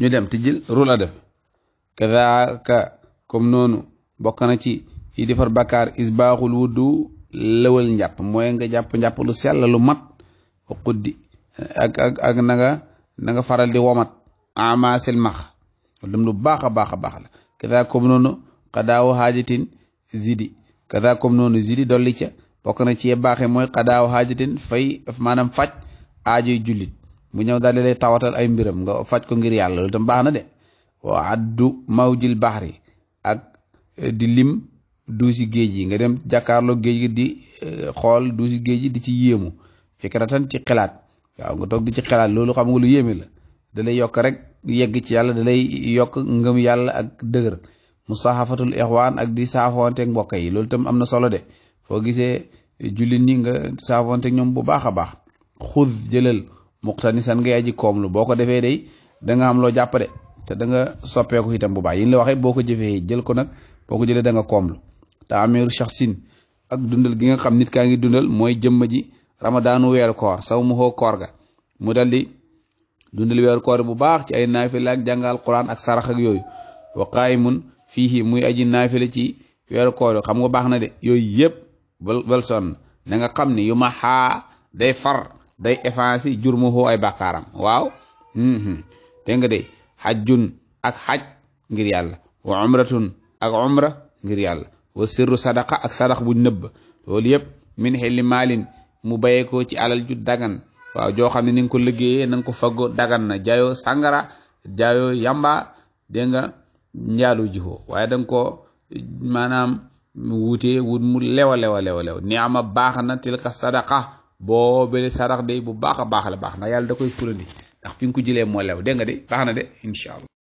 ñu dem ti tijjil a def kadaaka comme noonu bokk na ci yi defar bakkaar isbaaxul wuddu lëwal njàpp mooy nga jàpp njàpp lu sell lu mat xuddi ak ak ak na nga faral di womat amaasil max dem lu baax a baax a baax la kadaa comme noonu xadaawu xaajatin zidi kadaa comme noonu zidi dolli ca bokk na ci baaxe mooy xadaawu xaajatin fay maanaam faj aajoy jullit bu ñëw daal di lay tawatal ay mbiram nga faj ko ngir yàlla loolu tam baax na de wa addu mawjil baxri ak eh, di lim duusi géej yi nga dem jàkkaarloo géej gi di eh, xool duusi géej yi di ci yéemu fikratan ci xalaat waaw nga toog di ci xalaat loolu xam nga lu yéeme la da yokk rek yegg ci yàlla dalay yokk ngam yàlla ak dëgër mu saxafatul ixwaan ak di saafoonteeg mbokk yi loolu tam am na solo de foo gisee jullit ñi nga saafoonteeg ñoom bu baax a baax xud muqtanisan nga aji koomlu boo ko defee day danga am loo jàpp de te da nga soppeeku itam bu baax yi la waxee boo ko jëfee jël ko nag boo ko jëlee da nga koomlu te ameeru shaxsin ak dundal gi nga xam nit kaa ngi dundal mooy jëmm ji ramadaanu weeru koor saw mu xoo koor ga mu dal di dundal weeru koor bu baax ci ay naafila ak jàngal quran ak sarax yooyu wa qaayimun fii muy aji naafila ci weeru koor xam nga baax na de yooyu yëpp bal day effacer jur mu xoo ay bàkkaaram waaw mm-hmm. dégg nga de xajjun ak xaj ngir yàlla wa umratun ak umra ngir yàlla wa sirru sadaqa ak sadax bu nëbb loolu yëpp min xilli maalin mu baye ko ci alal ju dagan waaw joo xam ne ni nga ko liggéeyee na nga ko faggo dagan na jaayoo sàngara jayo yamba dégg nga njaalu jihoo waaye danga ko maanaam wuutee wut mu lew a lew a lew a lew tilka sadaqa boobale sarax day bu baax a baax la baax ndax yàlla da koy fulandi ndax fi nga ko jëlee moo lew dégg nga de baax na de incha